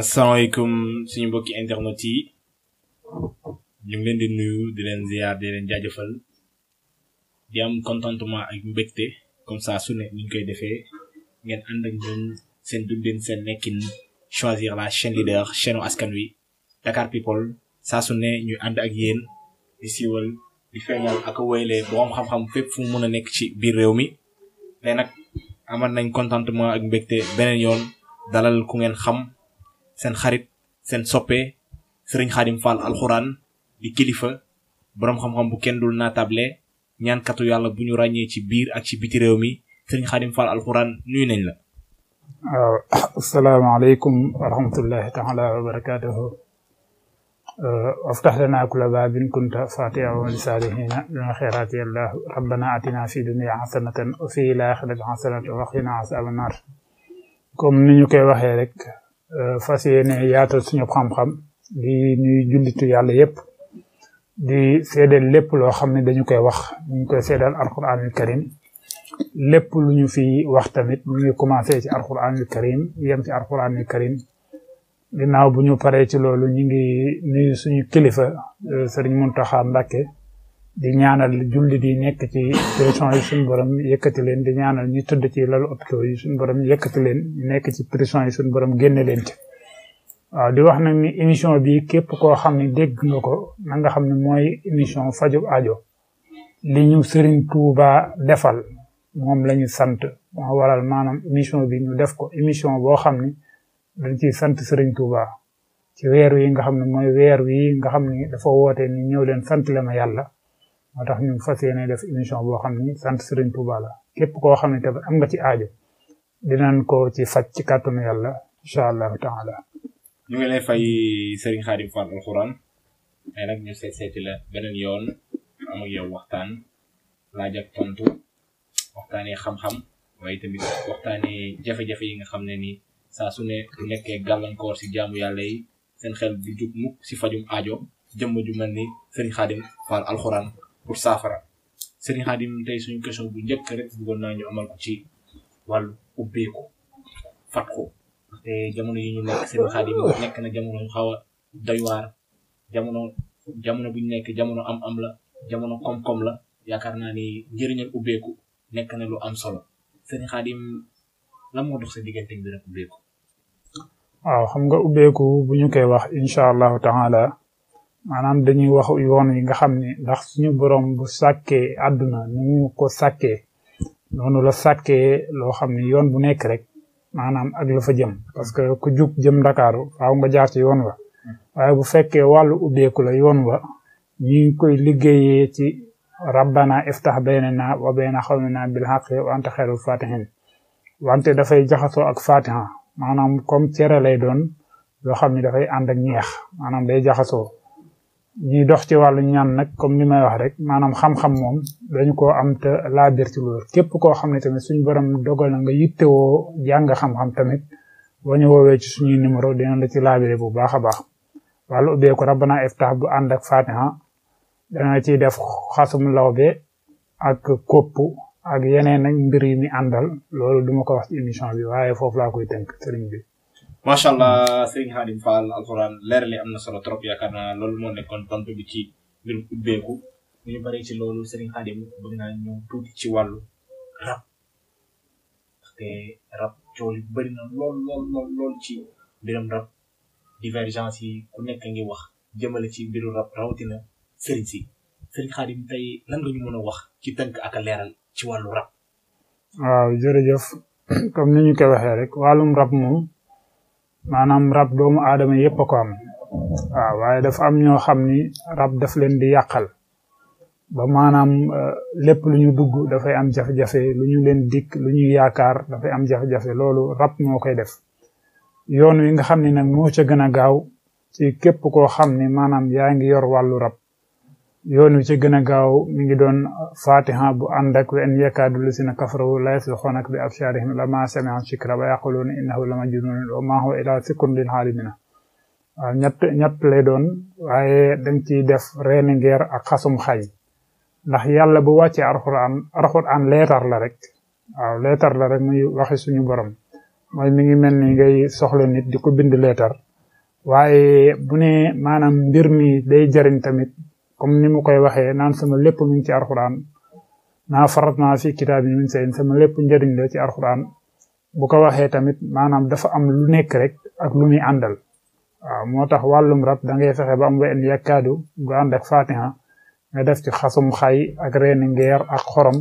asalaamaaleykum suñu mbokki internet yi ñu ngi leen di nuyu di leen ziar di leen jaajëfal di am contentement ak mbégte comme ça su koy defee ngeen ànd ak ñun seen dundin seen nekkin choisir la chaîne leader chaîne askan wi Dakar People saa su ne ñu ànd ak yéen di siiwal di feeñal ak wéyle borom xam-xam fépp fu mun a nekk ci biir réew mi mais nag amal nañ contentement ak mbégte beneen yoon dalal ku ngeen xam. seen xarit seen soppe sëriñ Xaadim Fall alxuraan di kilifa boroom xam-xam bu kenn dul naatable ñaankatu yàlla bu ñu ràññee ci biir ak ci biti réew mi sëriñ Xaadim Fall alxuraan nuyu nañ la. waaw asalaamaaleykum wa rahmatullahi taala wa barakaatuhu وافتح لنا كل باب كنت فاتحا ولسالهين من خيرات يا الله ربنا آتنا في دنيا rek Euh, fas yéene yaatal suñu xam-xam di ñuy jullitu yàlla yépp di seedeel lépp loo xam ne dañu koy wax ñu ngi koy seedal alquranul karim lépp lu ñu fi wax tamit ñu ngi commencé ci alquranul karim yem ci alquranul karim ginnaaw bu ñu paree ci loolu ñu ngi nuyu suñu kilifa euh, sëriñ Muntaxa Mbàkke di ñaanal jullit yi nekk ci prison yi suñu borom yëkkati leen di ñaanal ñi tëdd ci lalu hôpitaux yi suñu borom yëkkati leen nekk ci prison yi suñu borom génne leen ci waaw di wax nag ni émission bi képp koo xam ne dégg nga ko na xam ne mooy émission fajub aajo li ñu Serigne Touba defal moom la sant moo waral maanaam émission bi ñu def ko émission boo xam ni dañ ci sant Serigne Touba ci weer wi nga xam ne mooy weer wi nga xam ne dafa woote ni ñëw leen sant le yàlla moo tax ñu fas yéene def émission boo xam ni sant Serigne Touba la képp koo xam ne tamit am nga ci aajo dinañ ko ci faj ci kàttanu yàlla incha allahu taala. ñu ngi lay fay Serigne Khadim Fall alxuraan tey nag ñu seet seeti la beneen yoon am ak yow waxtaan laaj ak tontu waxtaanee xam-xam waaye tamit waxtaanee jafe-jafe yi nga xam ne ni sa su ne bu nekkee gàllankoor si jaamu yàlla yi seen xel du jug mukk si fajum aajo jëmm ju mel ni Serigne Khadim Fall alxuraan. pour saafara Serigne Khadim tey suñu question bu njëkk rek bëggoon naa ñu amal ko ci wàllu ubbeeku fat ko te jamono yi ñu nekk Serigne Khadim nekk na jamono yu xaw a doy waar jamono jamono nekk jamono am-am la jamono koom-koom la yaakaar naa ni njëriñal ubbeeku nekk na lu am solo Serigne Khadim lan moo dox sa diggante bi rek ubbeeku. waaw xam nga ubbeeku bu ñu koy wax incha allahu ta'ala. maanaam dañuy wax yoon yi nga xam ne ndax suñu borom bu sàkkee àdduna ni ko sàkkee noonu la sàkkee loo xam ne yoon bu nekk rek maanaam ak la jëm parce que ku jug jëm Ndakaaru xaw nga jaar ci yoon wa waaye bu fekkee wàllu ubbeeku la yoon wa ñi koy liggéeyee ci rabbana iftax baynana wa bayna xawmina bil xaqi wa anta xeyrul fatihin wante dafay jaxasoo ak fatiha maanaam comme cere lay doon loo xam ni dafay ànd ak ñeex maanaam day jaxasoo ñuy dox ci wàllu ñaan nag comme li may wax rek maanaam xam-xam moom dañu ko am te laa biir ci képp koo xam ne tamit suñu borom dogal na nga yittewoo jàng xam-xam tamit boo ñu woowee ci suñuy numéro dina la ci laabire bu baax a baax wàllu ubbeeku rabbana iftah bu ànd ak fatiha dana ciy def xasum lawbe ak kopp ak yeneen ak mbir yi mi àndal loolu duma ko wax ci émission bi waaye foofu laa koy tënk sëriñ bi macha allah Serigne Khadim Fall alxuraan leer li am na solo trop yaakaar naa loolu moo nekkoon tontu bi ci mbirum ubbeeku bu ñu bari ci loolu Serigne Khadim bëgg naa tuuti ci wàllu rab ci mbiram yi ku nekk wax jëmale ci mbiru rab rawatina Serigne si Serigne Khadim mën a wax ci tënk ci wàllu rab. waaw jërëjëf comme ni ñu ko waxee rek wàllum rab moom. maanaam rab doomu aadama yëpp ko am waaw waaye dafa am ñoo xam ni rab daf leen di yàqal ba maanaam euh, lépp lu ñu dugg dafay am jafe-jafe lu ñu leen dikk lu ñu yaakaar dafay am jafe-jafe loolu rab moo koy def yoon wi nga xam ni nag moo ca gën a gaaw ci képp koo xam ne maanaam yaa ngi yor wàllu rab yoon wi ci gën a gaaw mi ngi doon fatiha bu ànd ak wa in yakaadu lazina kafaru la yasbiqunaka bi absaarihim lamma sami'u zikra wa yaquluuna innahu la majnuun wa maa huwa illaa zikrun lil aalamiin waaw ñett ñett lay doon waaye dañ ciy def reeni ngeer ak xasum xay ndax yàlla bu wàccee alxuraan alxuraan leetar la rek waaw leetar la rek muy waxi suñu borom mooy mi ngi mel ni ngay soxla nit di ko bind leetar waaye bu ne maanaam mi day jariñ tamit comme ni mu koy waxee naan sama lépp mi ngi ci arxuraan naa farat naa fi kitaab yi min sama lépp njëriñ la ci arxuraan bu ko waxee tamit maanaam dafa am lu nekk rek ak lu muy àndal waaw moo tax wàllum rab da fexe ba am wenn yakkaadu nga ànd ak fatiha nga def ci xasum xay ak reeni ngeer ak xorom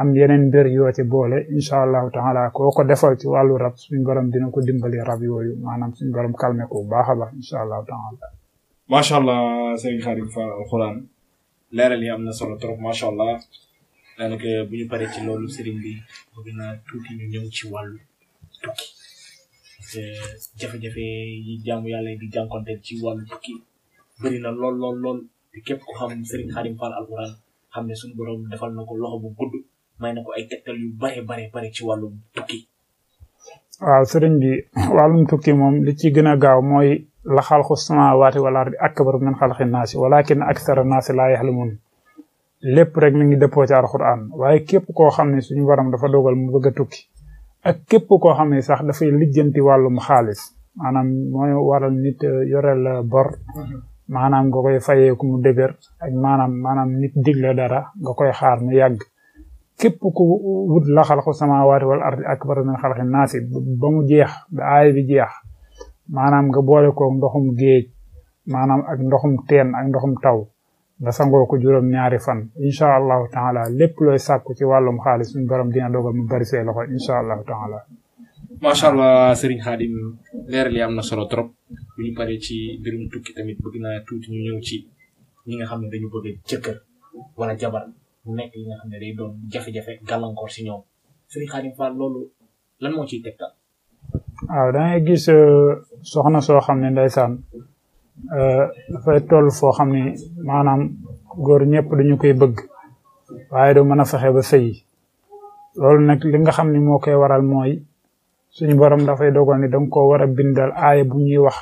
am yenen mbir yoo ci boole incha allahu taala koo ko defal ci wàllu rab suñ borom dina ko dimbali rab yooyu maanaam suñ borom calme ko bu baax a baax incha allahu macha allah Serigne Khadim Fall alxuraan leeral yi am na solo trop macha allah daanaka bu ci loolu Serigne bi bëgg naa ñu ñëw ci wàllu tukki parce que jafe-jafe yi jaamu yàlla di jànkonteel ci wàllu tukki bëri na lool lool lool te képp ku xam Serigne Khadim Fall alxuraan xam ne suñu borom defal na ko loxo bu gudd may na ko ay tegtal yu bare bare bare ci wàllum tukki. waaw sëriñ bi wàllum tukki moom li ci gën a gaaw mooy la xalqu samaawaati ak ardi akbaru min xalqi naasi walakin aksara naasi laa yaxlamuun lépp rek mi ngi dëppoo ci alxuraan waaye képp koo xam ne suñu waram dafa dogal mu bëgg a tukki ak képp koo xam ne sax dafay lijjanti wàllum xaalis maanaam mooy waral nit euh, yorel euh, bor maanaam nga koy fayeeku mu dëgër ak maanaam maanaam nit la dara nga koy xaar mu yàgg képp ku wut la xalqu samaawaati wal ardi akbaru min xalqi naasi ba mu jeex ba aay bi jeex maanaam nga boole ko ndoxum géej maanaam ak ndoxum teen ak ndoxum taw nga sangoo ko juróom ñaari fan incha allahu taala lépp looy sàkku ci wàllum xaalis suñu borom dina dogal mu bari say loxo incha allahu taala macha allah Serigne Khadim leer li am na solo trop bu ñu paree ci mbirum tukki tamit bëgg naa tuuti ñu ñëw ci ñi nga xam ne dañu bëgg jëkkër wala jabar nekk li nga xam ne day doon jafe-jafe gàllankoor si ñoom Serigne Khadim Fall loolu lan moo ciy soxna soo xam ne ndeysaan euh, dafay tol foo xam ne maanaam góor ñëpp dañu koy bëgg waaye du mën a fexe ba sëy loolu nag li nga xam ne moo koy waral mooy suñu borom dafay dogal ni danga koo war a bindal aaya bu ñuy wax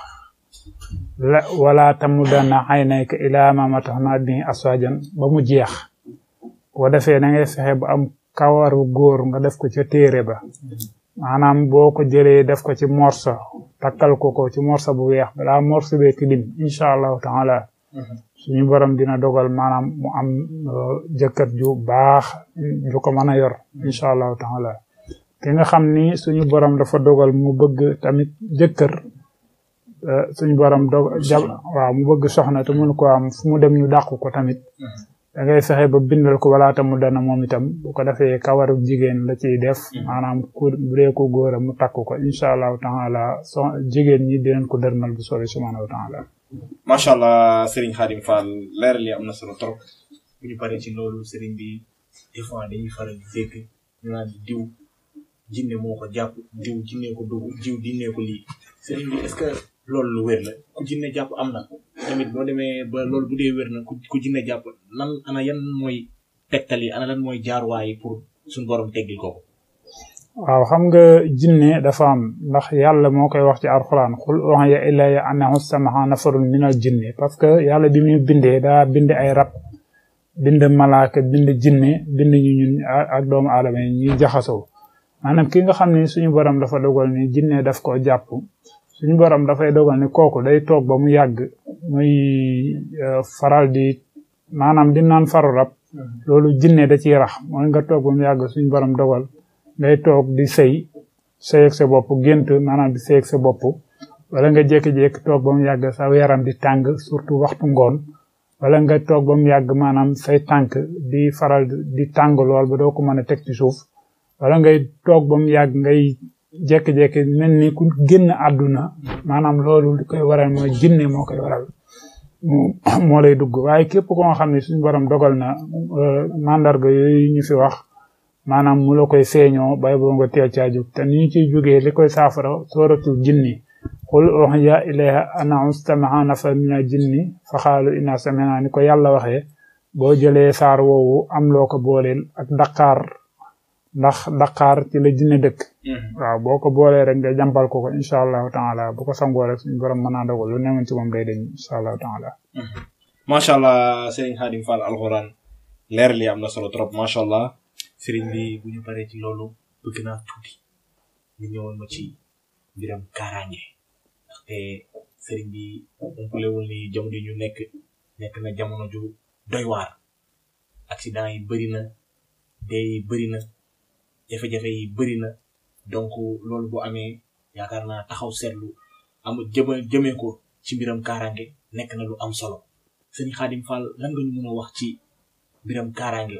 la wala tamudanna aynayka ilaa ma mataxna bi aswajan ba mu jeex boo defee da ngay fexe ba am kawaru góor nga def ko ca téere ba maanaam boo ko jëlee def ko ci morso takkal ko ko ci morso bu weex balaa morso bee tilim incha allahu taala mhm. suñu borom dina dogal maanaam mu am uh, jëkkër ju baax ju ko mën a yor incha allah taala ki xam ni suñu borom dafa dogal mu bëgg tamit jëkkër uh, suñu borom dog jab waaw mu bëgg soxna te mënu ko am fu mu dem ñu dàqu ko tamit mhm. da ngay fexe ba bindal ko walaata mu dana moom itam bu ko defee kawaru jigéen la ciy def mm-hmm. maanaam ku bu dee ko mu takk ko incha allahu taala so jigéen ñi dinañ ko dërmal bu soobee subhaanahu wa taala macha allah Serigne Khadim Fall leer li am na solo trop bu paree ci loolu Serigne bi des fois dañuy faral di dégg ñu diw jinne moo ko jàpp diw jinne ko dugg diw jinne ko lii Serigne bi est que loolu lu wér la ku jinne jàpp am na tamit boo demee ba loolu bu dee wér ku ku jàpp lan ana yan mooy tegtal yi ana lan mooy jaaruwaay yi pour suñu borom ko. xam nga jinne dafa ndax yàlla moo koy wax ci alxuraan xul uhiya ilayya parce que yàlla bi muy daa bind ay rab bind malaaka bind jinne bind doomu aadama yi ñuy jaxasoo maanaam ki nga xam dafa dogal ni jinne daf koo jàpp suñu borom dafay dogal ni kooku day toog ba mu yàgg. muy euh, faral di maanaam di naan faru rab loolu jinne da ciy rax mooy nga toog ba mu yàgg suñ borom dogal ngay toog di sëy sëy sa bopp gént maanaam di sëy sa bopp wala nga jékki-jékki toog ba mu yàgg sa yaram di tàng surtout waxtu ngoon wala nga toog ba mu yàgg maanaam say tànk di faral di tàng lool ba doo ko mën a teg ci suuf wala ngay toog ba mu yàgg ngay jékki-jékki mel ni ku génn àdduna maanaam loolu li koy waral mooy jinne moo koy waral moo lay dugg waaye képp ko nga xam ne suñu borom dogal na euh, mandarga yooyu ñu fi wax maanaam mu koy feeñoo bay boo nga teel caa jóg te ni ñu ciy jógee li koy saafara sooratul jinni qul uhiya ilayya anna ustamaa nafa mina jinni fa xaalu inna samina ni ko yàlla waxee boo jëlee saar woowu am loo ko booleel ak daqaar ndax Dakar ci la dina dëkk. Mhm. boo ko boolee rek nga jàmbal ko ko incha allahu taala bu ko sangoo rek suñu borom mën naa dogal lu newoon ci moom day dañ incha allahu taala. Mhm. macha allah Serigne Khadim Fall alxuraan leer li am na solo trop macha allah Serigne bi bu ñu ci loolu bëgg naa tuuti ñu ñëwoon ma ci mbiram kaaraange ndaxte Serigne bi umpalewul ni jamono yi ñu nekk nekk na jamono ju doy jafe-jafe yi bëri na donc loolu bu amee yaakaar na taxaw seetlu am jëme jëmee ko ci mbiram kaaraange nekk na lu am solo sëñ Xaadim Fall lan nga ñu mën wax ci mbiram kaaraange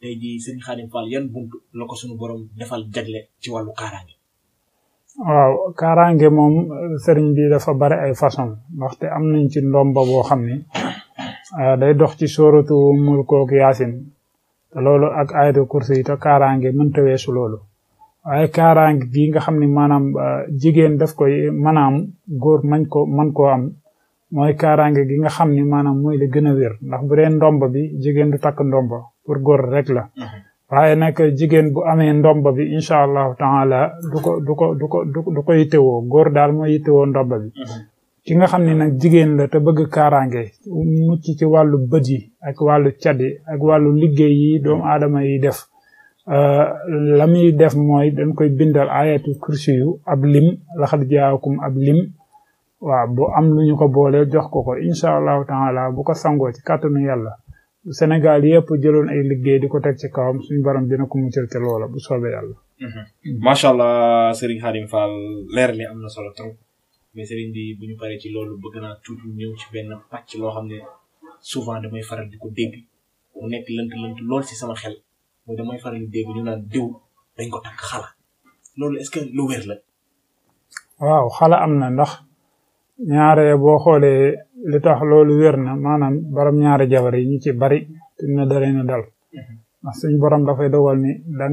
tey jii sëñ Xaadim Fall yan bunt la suñu borom defal jagle ci wàllu kaaraange. waaw kaaraange moom sëriñ bi dafa bari ay façon waxte am nañ ci ndomba boo xam ni ah, day dox ci sóoratu mulkook yaasin loolu ak ayatul kursi yi te kaaraange mënta weesu loolu waaye kaaraange gi nga xam ni maanaam euh, jigéen def koy mën a am góor mañ ko mën koo am mooy kaaraange gi nga xam ni maanaam mooy la gën a wér ndax bu dee bi jigéen du takk ndomba pour góor rek la waaye nag jigéen bu amee ndomba bi incha allahu taala du ko du ko du ko du ko yittewoo góor daal mooy yittewoo ndomba bi ki nga xam ne nag jigéen la te bëgg kaaraange mucc ci wàllu bët yi ak wàllu cat ak wàllu liggéey yi doomu aadama yi def euh, la muy def mooy dañ koy bindal ayatu kursi ab lim laxat jaakum ab lim waaw bo am lu ñu ko boole jox ko ko incha allahu taala bu ko sangoo ci kàttanu yàlla Sénégal yëpp jëloon ay liggéey di ko teg ci kawam suñu borom dina ko muccal ca loola bu soobee yàlla. Mhm. macha allah Serigne Khadim Fall leer li am na solo trop. mais sëriñ bi bu paree ci loolu bëgg naa tuuti ñëw ci benn pàcc loo xam ne souvent damay faral di ko dégg mu nekk lënt-lënt lool ci sama xel mooy damay faral di dégg ñu naan diw dañ ko takk xala loolu est-ce que lu wér la. waaw xala am na ndax ñaare boo xoolee li tax loolu wér na maanaam borom ñaari jabar yi ci bari te na daree na dal mm-hmm. ndax suñ borom dafay dogal ni da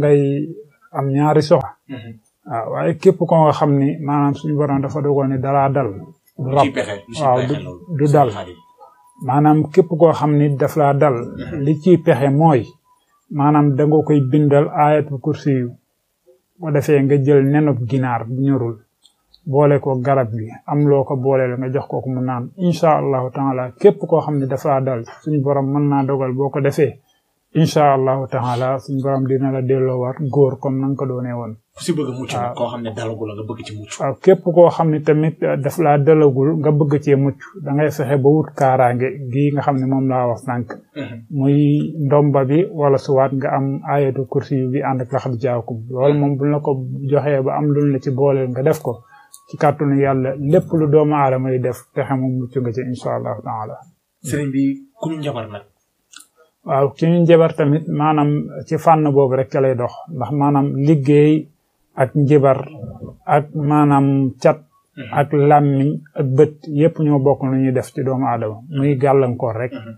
am ñaari soxla. Mm-hmm. waaw ah, waaye képp ko nga xam ni maanaam suñu borom dafa dogal ni dalaa dal. du rab waaw du dal. maanaam képp koo xam ni daf laa dal. Mhm. li ciy pexe mooy. maanaam da nga koy bindal aayatul kursi yu. bu defee nga jël nenob ginaar ñorul. boole ko garab gi am loo ko booleel nga jox ko mu naan incha allahu taala képp koo xam ne dafa dal suñu borom mën naa dogal boo ko defee incha allahu taala suñu borom dina la delloo war góor comme na nga ko doonee woon. ku si bëgg a mucc nag xam ne dalagul nga bëgg ci mucc. waaw képp koo xam ne tamit uh, daf laa dalagul nga bëgg cee mucc da ngay fexe ba wut kaaraange gii nga xam ne moom laa wax sànq. Mhm. muy ndomba bi wala suwaat nga am ayatu kursi yu bi ànd ak laxat jaakum loolu moom bu la ko joxee ba am lu la ci booleel nga def ko ci kàttanu yàlla lépp lu doomu aadama yi def fexe mu mucc nga ci incha allahu taala. sëriñ bi ku ñu nag. waaw ki ñu njabar tamit maanaam ci fànn boobu rek ca lay dox ndax maanaam liggéey. ak njibar ak maanaam cat mhm. ak làmmiñ ak bët yëpp ñoo bokk lu ñuy def ci doomu aadama muy gàllankoor rek waaw mhm.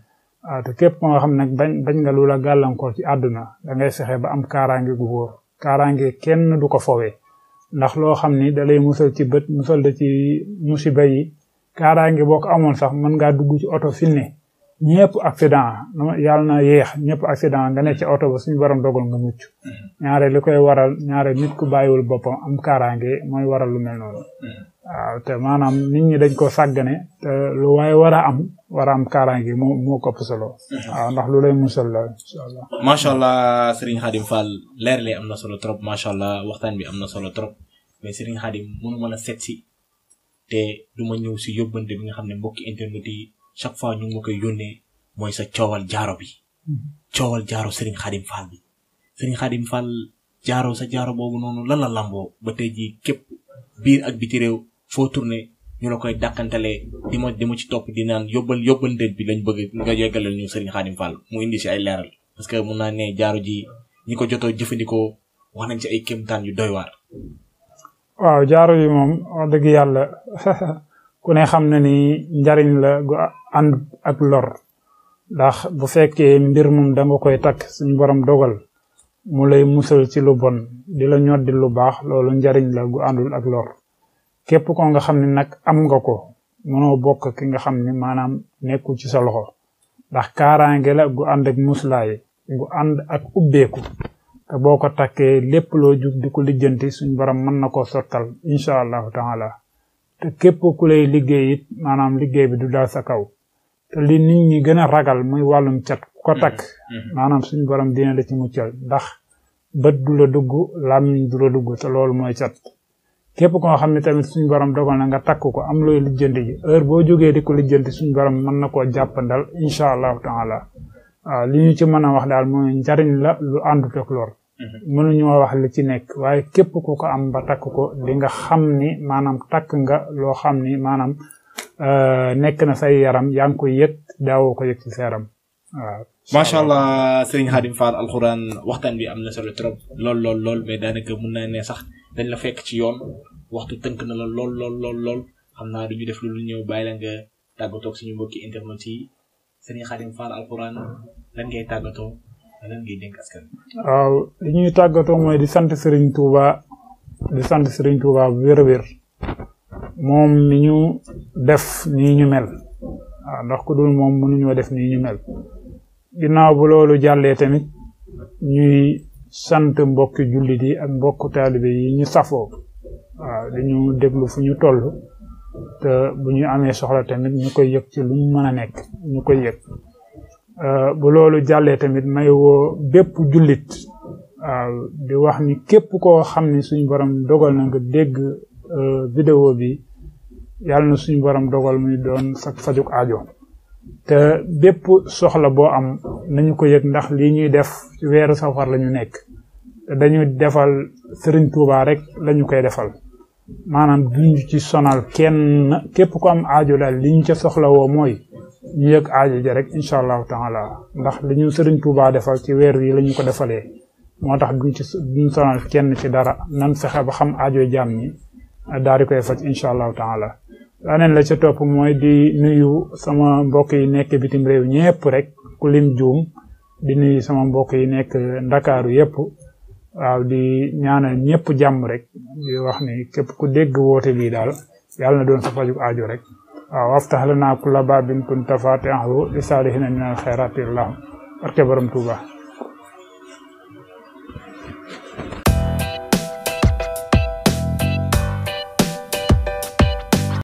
ah, te képp ko nga xam ne bañ bañ nga lu la gàllankoor ci àdduna dangay ngay ba am kaaraange gu wóor kaaraange kenn du ko fowee ndax loo xam ni da lay musal ci bët musal da ci musiba yi kaaraange boo ko amoon sax mën ngaa duggu ci oto finne ñëpp accident yàlla na yéex ñëpp accident nga ne ci oto ba suñu borom dogal nga mucc mm-hmm. ñaare li koy waral ñaare nit ku bàyyiwul boppam am kaaraange mooy waral lu mel noonu mm-hmm. waaw te maanaam nit ñi dañ ko sàggane te lu waaye war a am war a am kaaraange moo moo solo mm-hmm. waaw ndax lu lay musal la incha allah macha allah Serigne Khadim Fall leer li am na solo trop macha allah waxtaan bi am na solo trop mais Serigne Khadim mënu mën a seet si te du ma ñëw si yóbbante bi nga xam ne mbokki internet yi chaque fois ñu ngi ma koy yónnee mooy sa coowal jaaro bi coowal jaaro Serigne Khadim Fall bi Serigne Khadim Fall jaaro sa jaaro boobu noonu lan la lamboo ba tey jii képp biir ak biti réew foo tourné ñu la koy dàkkantalee di ma di ma ci topp di naan yóbbal yóbbal ndëj bi lañ bëgg nga yeggalal ñu Serigne Khadim Fall mu indi si ay leeral parce que mun naa nee jaaro ji ñi ko joto jëfandikoo wax nañ ci ay kéemtaan yu doy waar waaw jaaro yi moom wax dëgg yàlla kune xam na ni njariñ la gu ànd ak lor ndax bu fekkee mbir moom danga koy takk suñ borom dogal mu lay musal ci lu bon di la di lu baax loolu njariñ la gu àndul ak lor képp ko nga xam ni nag am nga ko mënoo bokk ki nga xam ni maanaam nekku ci sa loxo ndax kaaraange la gu ànd ak muslaay gu ànd ak ubbeeku te boo ko takkee lépp loo jug di ko lijjanti suñ borom mën na koo sottal incha allahu taala te képp ku lay liggéey it maanaam liggéey bi du daal sa kaw te li nit ñi gën a ragal muy wàllum cat ku ko takk mm-hmm. Mm-hmm. maanaam suñ borom dina la ci muccal ndax bët du la dugg làmmiñ du la dugg te loolu mooy cat képp koo xam ne tamit suñ borom dogal na nga takk ko am looy lijjanti ji heure boo jógee di ko lijjanti suñ borom mën na koo jàppandal incha allahu taala waaw li ñu ci mën a wax daal mooy njariñ la lu àndut ak lor Mm-hmm. mënuñoo wax li ci nekk waaye képp ku ko am ba takk ko di nga xam ni maanaam takk nga loo xam ni maanaam euh, nekk na say yaram yaa ngi koy yëg daawoo ko yëg ci sa yaram waaw. macha allah sëriñ Xaadim Fall alxuraan waxtaan bi am na solo trop lool lool lool mais mun naa ne sax dañ la fekk ci yoon waxtu tënk na la lool lool lool lool xam naa du ñu def lu lu ñëw bàyyi la tàggatoo ak suñu mbokki internet yi sëriñ Xaadim Fall alxuraan lan ngay waaw li ñuy tàggatoo mooy di sant Serigne Touba di sant Serigne Touba bu wér-wér moom ni ñu def nii ñu mel waaw ndax ku dul moom mënuñoo def nii ñu mel ginnaaw bu loolu jàllee tamit ñuy sant mbokki jullit yi ak mbokku taalibe yi ñu safoo waaw dañu déglu fu ñu toll te bu ñu amee soxla tamit ñu koy yëg ci lu mu a nekk ñu koy yëg. Euh, bu loolu jàllee tamit may woo bépp jullit waaw di wax ni képp koo xam ni suñu borom dogal na nga dégg euh, vidéo bi yàlla na suñu borom dogal muy doon sa fajuk aajo te bépp soxla boo am nañu ko yëg ndax lii ñuy def ci weeru safar la ñu nekk te dañu defal Sëriñ Tuubaa rek lañu koy defal maanaam duñ ci sonal kenn képp ko am aajo daal li ñu ca soxla woo mooy ñu yëg aajo ja rek incha allahu taala ndax li ñu sëriñ Touba defal ci weer yi lañu ko defalee moo tax duñ ci duñ sonal kenn ci dara nan fexe ba xam ajo jaam ñi di koy faj incha allahu taala laneen la ca topp mooy di nuyu sama mbokk yi nekk bitim réew ñëpp rek ku lim di nuyu sama mbokk yi nekk ndakaaru yëpp waaw di ñaanal ñëpp jàmm rek di wax ni képp ku dégg woote bii daal yàlla na doon sa faju aajo rek waaw waftax lanaa kulla baabin kunta faatixahu li saalihiina minal xayraati irlahu barke borom Tuuba